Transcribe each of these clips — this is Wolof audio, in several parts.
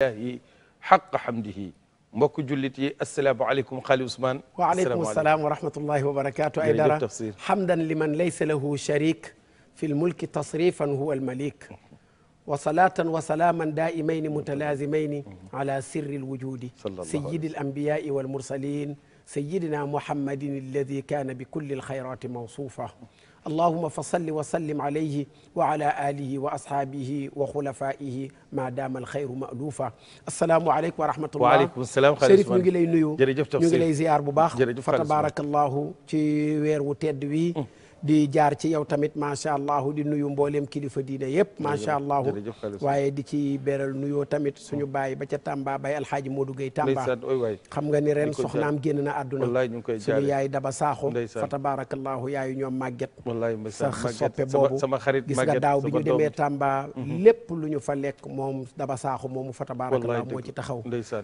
laahi xaqa xamdihi mbokk jullit yi asalaamaaleykum xaali Ousmane waaleykum salaam wa rahmatullahi wa barakaatu ay dara xamdan liman laysa lahu sharik fi lmulki tasrifan huwa almalik wa salaatan wa salaaman daaimayni mutalaazimayni ala sirri lwujudi sayidi alambiyaai walmursalin sayidina muhammadin alladi kaana bi kulli alxayrati mawsuufa allahuma fa salli wa sallim alayhi wa ala alihi wa ashaabihi wa xulafaihi ma daama alxayru maluufa asalaamu aleykum wa rahmatullah waaleykum salaam Chérif ñu ngi lay nuyu jërëjëf ñu ngi lay ziyaar bu baax fa tabaarakallahu ci weer wu tedd wi mm. di jaar ci yow tamit macha allah di nuyu mboolem kilifa diine yëpp macha allah waaye di ci beral nuyoo tamit suñu mm. baay ba ca Tamba bay alhaaji Modou Gueye Tamba xam nga ni ren soxnaam génn na àdduna suñu yaay Daba Sakho fa tabarakallahu yaayu ñoom màgget sa soppe boobu gis nga daaw bi ñu demee Tamba mm-hmm. lépp lu ñu fa lekk moom Daba Sakho moomu fa tabarakallahu moo ci taxaw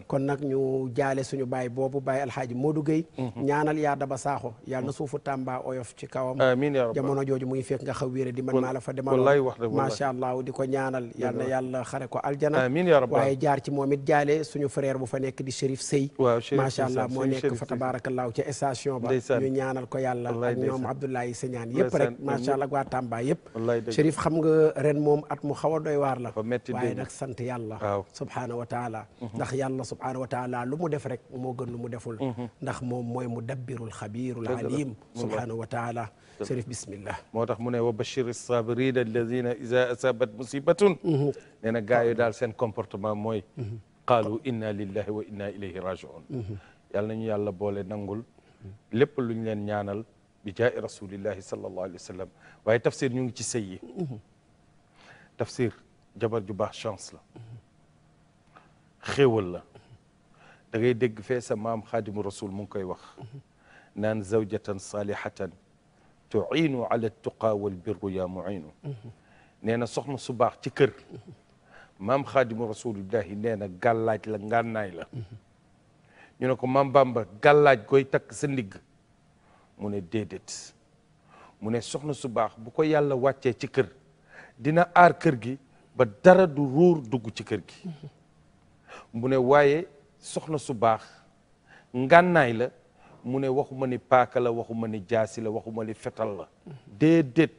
kon nag ñu jaale suñu baay boobu baay alhaaji Modou Gueye mm-hmm. ñaanal yaa Daba Sakho na suufu Tamba oyof ci kawam amiin yaa rabbal jamono jooju mu ngi fekk nga xaw wéere di man la fa demal wallaay wax dëgg macha allah di ko ñaanal yal na ko aljana waaye jaar ci moom it jaale suñu frère bu fa nekk di Chérif Sey macha allah moo nekk fa tabaarakallaahu ca station ba ñu ñaanal ko yàlla ak ñoom Abdoulaye Señaan yëpp rek macha allah ak waa Tamba yëpp Chérif ren moom at mu xaw a doy waar la waaye nag sant yàlla subhaanahu wa taala mhm. ndax yàlla subhaanahu wa taala lu mu def rek moo gën lu mu deful mhm. ndax moom mooy mu dabbirul shérif bismillah moo tax mu ne wa bashir sabirina alladina ida asabat musibatun mm-hmm. nee na gars yi daal seen comportement mooy mm-hmm. qaalu inna lillahi wa inna ilayhi rajiun mm-hmm. yàlla nañu yàlla boole nangul lépp luñ leen ñaanal bi jaa'i rasulillahi sallallahu alayhi wa sallam waaye tafsir ñu ngi ci sëy yi tafsir jabar ju baax chance la xéewal la da ngay dégg fee sa maam xaadimu rasul mu ngi koy wax naan zawjatan salihatan tuinu ala tuqa wal birru yaa muinu mhm. nee na soxna su baax ci kër mhm. maam xaadimu rasulillahi nee na gàllaaj la ngànnaay la mhm. ñu ne ko maam bamba gàllaaj koy takk sa ndigg mu ne déedéet mu ne soxna su baax bu ko yàlla wàccee ci kër dina aar kër gi ba dara du ruur dugg ci kër gi mu ne waaye soxna su baax ngànnaay la mu ne waxuma ni paaka la waxuma ni jaasi la waxuma ni fetal la déedéet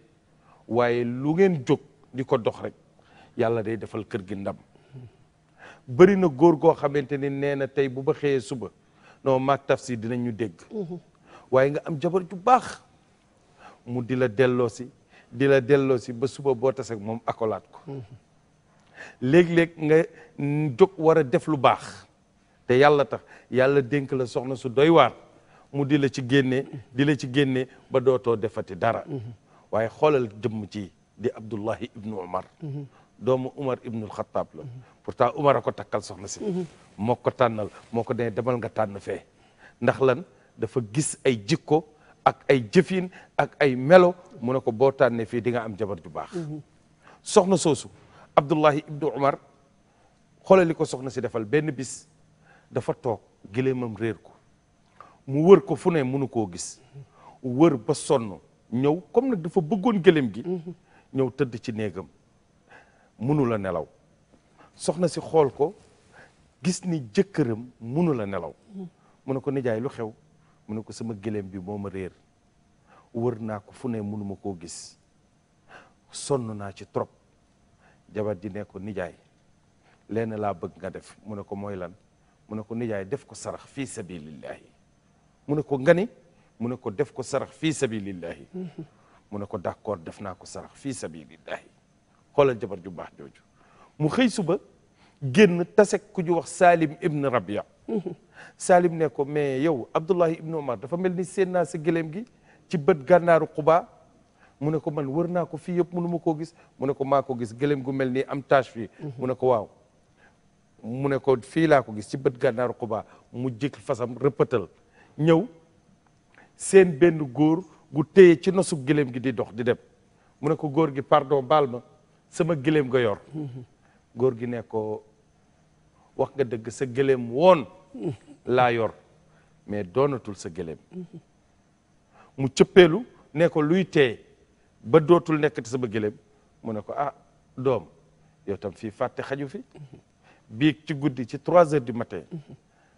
waaye lu ngeen jóg di ko dox rek yàlla day defal kër gi ndam bëri na góor goo xamante ni nee na tey bu ba xëyee suba non maag tafsir dinañu dégg waaye nga am jabar ju baax mu di la delloo si di la delloo si ba suba boo taseeg moom akolaat ko léeg-léeg nga jóg war a def lu baax te yàlla tax yàlla dénk la soxna su doy waar mu di la ci génne di ci génne ba dootoo defati dara waaye xoolal jëmm ci di Abdullahi ibnu Umar doomu Umar ibnul Xataab la pourtant Umar ko takkal soxna si moo ko tànnal moo ko dee demal nga tànn fee ndax lan dafa gis ay jikko ak ay jëfin ak ay melo mu ne ko boo tànnee fii di nga am jabar ju baax soxna soosu Abdullahi ibnu Umar xoolali ko soxna si defal benn bis dafa toog gileemam réer ko mu wër ko fu ne mënu koo gis wër ba sonn ñëw comme nag dafa bëggoon géléem gi ñëw tëdd ci néegam mënu la nelaw soxna si xool ko gis ni jëkkëram mënu la nelaw mu ne ko nijaay lu xew mu ne ko sama gëlëm bi moo ma réer wër naa ko fu ne mënuma koo gis sonn naa ci trop jabar ji ne ko nijaay lenn laa bëgg nga def mu ne ko mooy lan mu ne ko nijaay def ko sarax fii sabilillahi mu ne ko ngane mu ne ko def ko sarax fii sabilillahi mu ne ko d'accord def naa ko sarax fii sabilillahi xoolal jabar ju baax jooju mu xëy suba génn tase ku ñu wax Salim Ibn Rabia Salim ne ko mais yow Abdullahi Ibn Omar dafa mel ni seen naa si gëléem gi ci bët gànnaaru Quba mu ne ko man wër naa ko fii yëpp mënu ma koo gis mu ne ko maa ko gis gëléem gu mel ni am tache fii mu ne ko waaw mu ne ko fii laa ko gis ci bët gànnaaru Quba mu jik fasam rëppatal ñëw seen benn góor gu téye ci nosu gëléem gi di dox di dem mu ne ko góor gi pardon baal ma sama gëléem nga yor góor gi ne ko wax nga dëgg sa gëléem woon laa yor mais doonatul sa gëléem mu cëppeelu ne ko luy tee ba dootul nekk nekkati sama gëléem mu ne ko ah doom yow tam fii fàtte xaju fi biig ci guddi ci trois heures di matin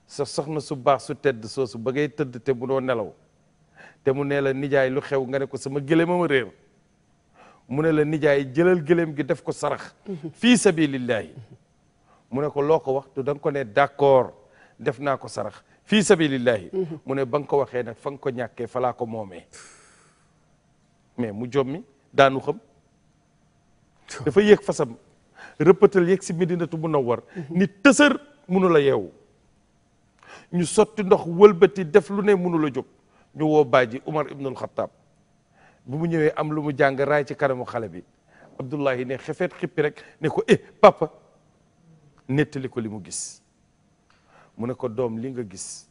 sa soxna su baax su tedd soosu ba ngay tëdd te bu doo nelaw te mu ne la nijaay lu xew nga ne ko sama gëléem a réer mu ne la nijaay jëlal gëléem gi def ko sarax fii sabilillahi mu ne ko loo ko wax tu da ko ne d'accord def naa ko sarax fii sabilillahi mm-hmm. mu ne ba nga ko waxee nag fa nga ko ñàkkee falaa ko moome mais mu jommi daanu xam dafa yéeg fasam rëppatal yéeg si Medinatu Munawwar mm-hmm. ni tësër mënu la yeewu ñu sotti ndox wëlbati def lu ne mënula jóg ñu woo baaji Umar ibnul Xattaab bu mu ñëwee am lu mu jàng raay ci kanamu xale bi Abdullahi ne xefeet xippi rek ne ko eh papa nettali ko li mu gis mu ne ko doom li nga gis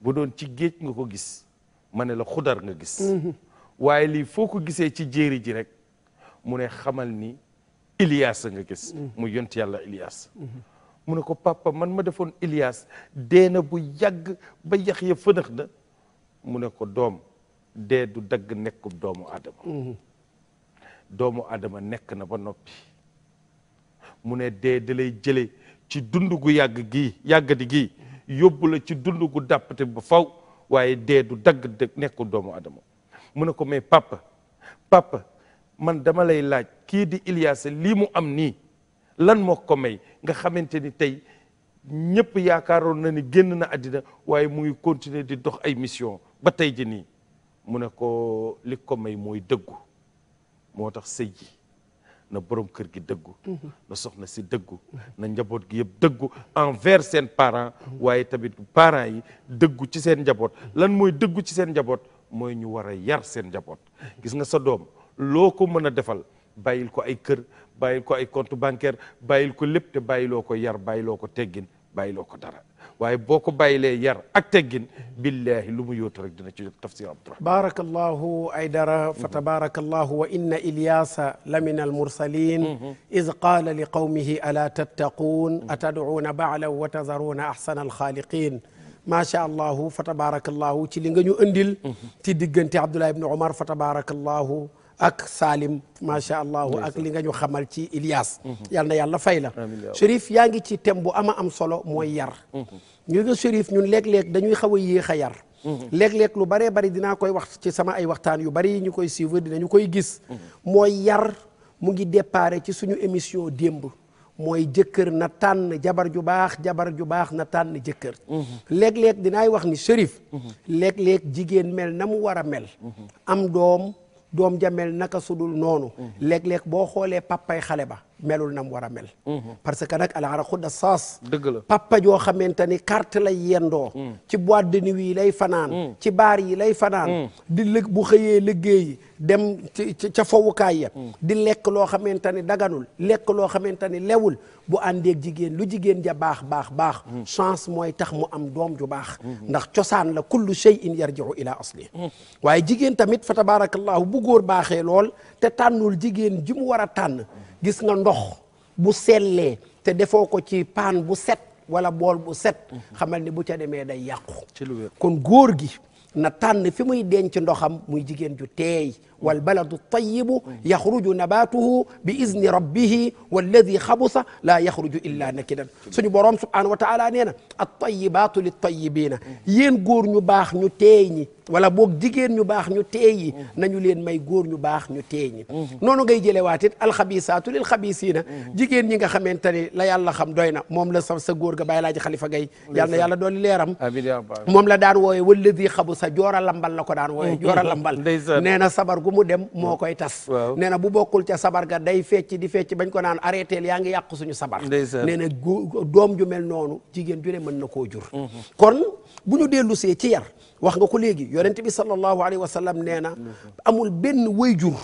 bu doon ci géej nga ko gis ma ne la xudar nga gis mm-hmm. waaye lii foo ko gisee ci jéeri ji rek mu ne xamal ni sa nga gis mm-hmm. mu yont yàlla Ilias mm-hmm. mu ne ko papa man ma defoon Ilias dee na bu yàgg ba yax ya fënax na mu ne ko doom dee du dagg nekkub doomu Adama. Mhm. doomu Adama nekk na ba noppi mu ne dee da lay jële ci dund gu yàgg gii yàggadi gii yóbbu la ci dund gu dàppate ba faw waaye dee du dagg nekku doomu Adama mu ne ko mais papa papa man dama lay laaj kii di Ilias lii mu am nii lan moo ko may nga xamante ni tey ñëpp yaakaaroon na ni génn na àddina waaye mu ngi continuer di dox ay mission ba tey ji nii mu ne ko li ko may mooy dëggu moo tax sëy ji na borom kër gi dëggu mhm. na soxna si dëggu na njaboot gi yëpp dëggu envers seen parents mhm. waaye tamit parents yi dëggu ci seen njaboot lan mooy dëggu ci seen njaboot mooy ñu war a yar seen njaboot mhm. gis nga sa doom loo ko mën a defal bàyyil ko ay kër bàyyil ko ay compte bancaire bàyyil ko lépp te bàyyiloo ko yar bàyyiloo ko teggin bàyyiloo ko dara waaye boo ko bàyyilee yar ak teggin billahi lu mu yóotu rek dina ci jot tafsir abdurahman barakallahu ay dara fa tabarakallahu wa inna ilyasa la min almursalin mm-hmm. id qala li qawmihi ala tattaquun atad'uuna ba'lan wa tazaruuna ahsana alxaaliqin macha allahu fa tabarakallahu ci li nga ñu andil mm-hmm. ci diggante abdullah ibn umar fa tabarakallahu ak Salim macha allah ak li nga ñu xamal ci Ilyas. Mhm. yàlla na yàlla fay la. Chérif yaa ngi ci thème bu ama am solo mooy yar. ñu mhm. ñun léeg-léeg dañuy xaw a yéex a yar. Mhm. léeg-léeg lu baree bari dinaa koy wax ci sama ay waxtaan yu bari ñu koy suivre dinañu koy gis. mooy yar mu ngi déparé ci suñu émission démb. mooy jëkkër na tànn jabar ju baax jabar ju baax na tànn jëkkër. léeg dinaay wax ni Chérif. jigéen mel na mu war a mel. am doom. doom ja mel naka sudul noonu léeg-léeg boo xoolee papay xale ba melul nam war a mel mhm. parce que nag alaara xudda saas dëgg papa joo xamante ni carte lay yendoo mm. ci boîte de nuit lay fanaan mm. ci baar yi lay fanaan mm. di lëg bu xëyee liggéeyi dem ci ca fowukaay ya di lekk loo xamante ni daganul lekk loo xamante ni lewul bu àndeeg jigéen lu jigéen ja baax baax baax hmm. chance mooy tax mu am doom ju baax ndax cosaan la kullu shay'in yarji'u ila asli waaye jigéen tamit fa tabarakallahu bu góor baaxee lool te tànnul jigéen ji mu war a tànn gis nga ndox bu sellee te defoo ko ci paan bu set wala bool bu set hmm. xamal ni bu ca demee day yàqu kon góor gi na tànn fi muy denc ndoxam muy jigéen ju teey والبلد الطيب يخرج نباته بإذن ربه والذي خبث لا يخرج إلا نكدا suñu boroom subhaanahu wa taala nee na at-tayyibaatu lit-tayyibiina yéen góor ñu baax ñu teey ñi wala boog jigéen ñu baax ñu teeyi nañu leen may góor ñu baax ñu teeyi noonu ngay jëlewaatit alxabisaatu lil xabisiina jigéen ñi nga xamante ni la yàlla xam doy na moom la sa sa góor ga bàyyi laaji xalifa gay yàlla na yàlla dooli leeram moom la daan wooye walladi xabu sa joor a lambal la ko daan wooye mm-hmm. joor a lambal nee na sabar gu mu dem moo koy tas nee na bu bokkul ca sabar ga day fecc di fecc bañ ko naan arrêté yaa ngi yàq suñu sabar nee na doom ju mel noonu jigéen ju ne mën na koo jur mm-hmm. kon bu ñu dellu see ci yar wax nga ko léegi yonent bi sallallahu alayhi wa sallam nee na amul benn wayjur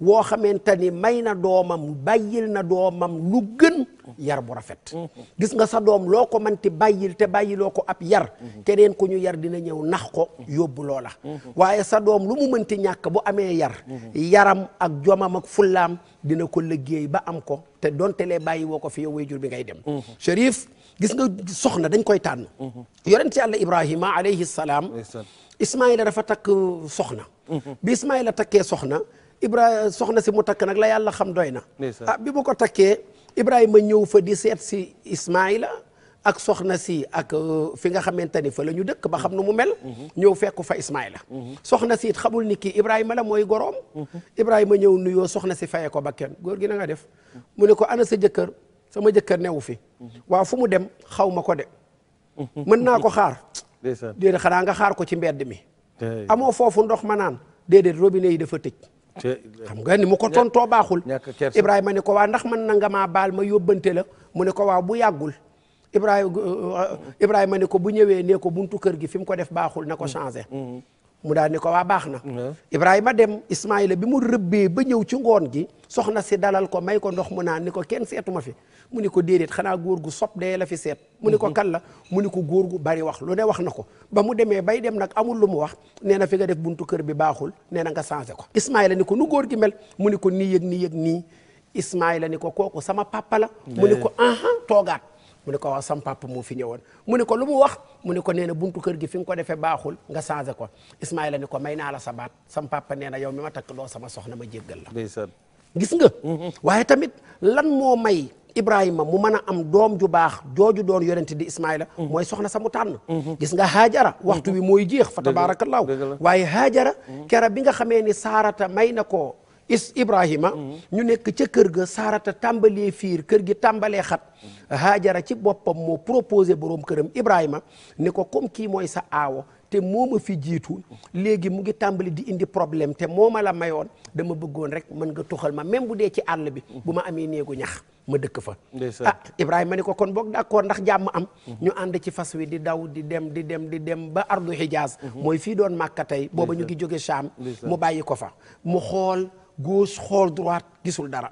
woo xamante ni may na doomam bàyyil na doomam lu gën yar bu rafet gis nga sa doom loo ko manti bàyyil te bàyyiloo ko ab yar keneen ku ñu yar dina ñëw nax ko yóbbu loola waaye sa doom lu mu mënti ñàkk bu amee yar yaram ak jomam ak fullaam dina ko liggéey ba am ko te donte lee bàyyi woo ko fi yow wayjur bi ngay dem Chérif gis nga soxna dañ koy tànn yonent yàlla ibrahima alayhi salaam ismaila dafa takk soxna mhm. bi ismaila takkee soxna ibra soxna si mu takk nag la yàlla xam doy na ah bi mu ko takkee ibrahima ñëw fa di seet si ismaila ak soxna si ak euh, fi nga xamante ni fa la ñu dëkk ba xam nu mu mel mhm. ñëw fekku fa ismaila mhm. soxna si xamul ni kii ibrahima la mooy goroom ibrahima ñëw nuyoo soxna si fayee ko ba kenn góor gi na nga def mu ne ko ana sa jëkkër sama jëkkër newu fi waaw fu mu dem xaw ma ko de mën naa ko xaar déedéet xanaa nga xaar ko ci mbedd mi amoo foofu ndox ma naan déedéet robinet yi dafa tëj xam nga ni mu ko tontoo baaxul Ibrahima ni ko waa ndax man na nga maa baal ma yóbbante la mu ne ko waaw bu yàggul Ibrahima uh, uh, uh, Ibrahima ni ko bu ñëwee ne ko buntu kër gi fi mu ko def baaxul na ko mm. changé mm-hmm. mu daal ni ko waa baax na ibrahima dem ismaila bi mu rëbbee ba ñëw ci ngoon gi soxna si dalal ko may ko ndox mu naan ni ko kenn seetuma fi mu ni ko déedéet xanaa góor gu sob dee la fi seet mu ni ko mhm. kan la mu ni ko góor gu bari wax lu ne wax na ko ba mu demee bay dem nag amul lu mu wax nee na fi nga def buntu kër bi baaxul nee na nga changé ko ismaila ni ko nu góor gi mel mu ni ko nii yëg nii yëg nii ismaila ni ko kooku sama papa mu ni ko aha toogaat mu ne ko waaw sam papa moo mu ne ko lu mu wax mu ne ko nee na buntu kër gi fi nga ko defee baaxul nga changé ko Ismaïla ne ko may naa la sa baat sam papa nee na yow ma takk doo sama soxna ma jéggal la gis nga mm-hmm. waaye tamit lan moo may Ibrahima mu mën a am doom ju baax jooju doon yonent di Ismaïla mm-hmm. mooy soxna sa mu tànn mm-hmm. gis nga Haajara waxtu wi mooy jeex fa tabaarakallaahu waaye Haajara kera bi nga xamee ni Saarata may na ko is Ibrahima. ñu nekk ca kër ga Saarata tàmbalee fiir kër gi tàmbalee xat. Haajara ci boppam moo proposé borom këram Ibrahima ni ko comme kii mooy sa aawo. te moo ma fi jiitu léegi mu ngi tàmbali di indi problème te moo ma la mayoon dama bëggoon rek mën nga tuxal ma même bu dee ci àll bi. bu ma amee néegu ñax ma dëkk fa. ah Ibrahima ni ko kon boog d'accord ndax jàmm am. ñu ànd ci fas wi di daw di dem di dem di dem ba ardu Hijaaz. Mhm. mooy fii doon Màkka tey booba ñu ngi jóge Saam. mu bàyyi ko fa mu xool. gauche xool droite gisul dara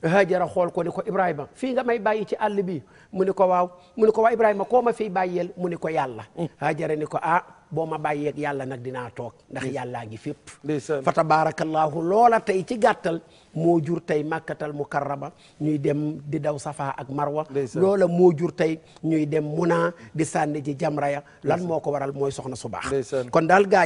hajara mhm. xool ko ni ko ibrahima fii nga may bàyyi ci àll bi mu ni ko waaw mu ni ko waaw ibrahima koo ma fi bàyyeel mu ni ko yàlla mm. hajara ni ko ah boo ma bàyyeeg yàlla nag dinaa toog ndax mm. yàllaa ngi fépp fa tabarakallahu loola tey ci gàttal moo jur tey màkkatal mukarrama ñuy dem di daw safa ak marwa loola moo jur tey ñuy dem muna di sànni ji jamraya lan moo ko waral mooy soxna su baax kon daal gaa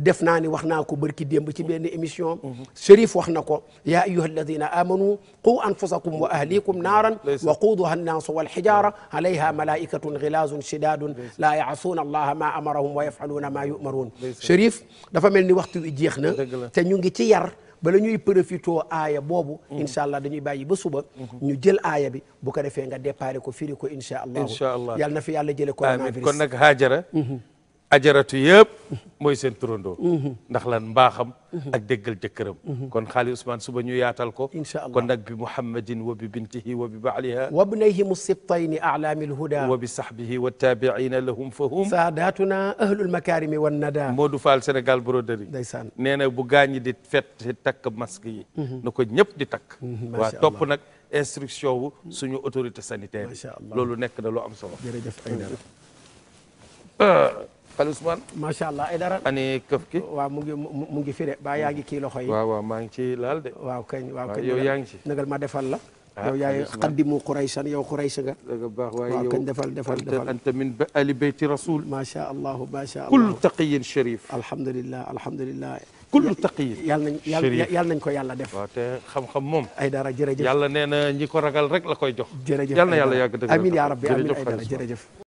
def naa ni wax naa ko barki démb ci benn émission Chérif wax na ko yaa ayyuha alladina amanu qu anfusakum wa ahlikum naaran wa quuduha annaasu walxijaara alayha malaikatun gilaazun shidaadun laa yaasuuna allaha wa yafaluuna maa yumaruun Chérif dafa mel ni waxtu i jeex na te ñu ngi ci yar bala ñuy profitoo aaya boobu mm-hmm. incha allah dañuy bàyyi ba suba mm-hmm. ñu jël aaya bi bu ko defee nga déparé ko firi ko incha allah incha yàlla na fi yàlla jële coronavirus kon nag mm-hmm. a ajaratu yëpp mooy seen turandoo mhm. ndax lan mbaaxam mhm. ak déggal jëkkëram mhm. kon xaali Ousmane suba ñu yaatal ko incha allah kon nag bi muhammadin wa bi bintihi wa bi baaliha wa bnayhim sibtayni alaami lhuda wa bi sahbihi wa taabiina lahum fa hum saadatuna ahlul makarimi wan nada Modou Fall Sénégal broderie ndeysaan nee na bu gaañi di fet takk masque yi na ko ñëpp di takk waa topp nag instruction suñu autorité sanitaire loolu nekk na lu am solo jërëjëf xal Ousmane macha allah ay dara ani këf ki waaw mu ngi mu ngi fi de ba yaa ngi kii loxo yi waaw waaw maa ngi ci laal de waaw kañ waaw kañ yow yaa ngi ci nagal ma defal la ah, yow yaay xaddimu Quraysan yow Quraysa nga dëgg baax waaye yow kañ defal defal defal anta min ali bayti rasul macha allah macha allah kullu taqiyin sharif alhamdulillah alhamdulillah kullu taqiyin yàlla nañ yàlla nañ ko yàlla def waaw te xam-xam moom ay dara jërëjëf yàlla nee na ñi ko ragal rek la koy jox jërëjëf yàlla na yàlla yàgg dëgg amiin yaa rabbi amiin ay dara jërëjëf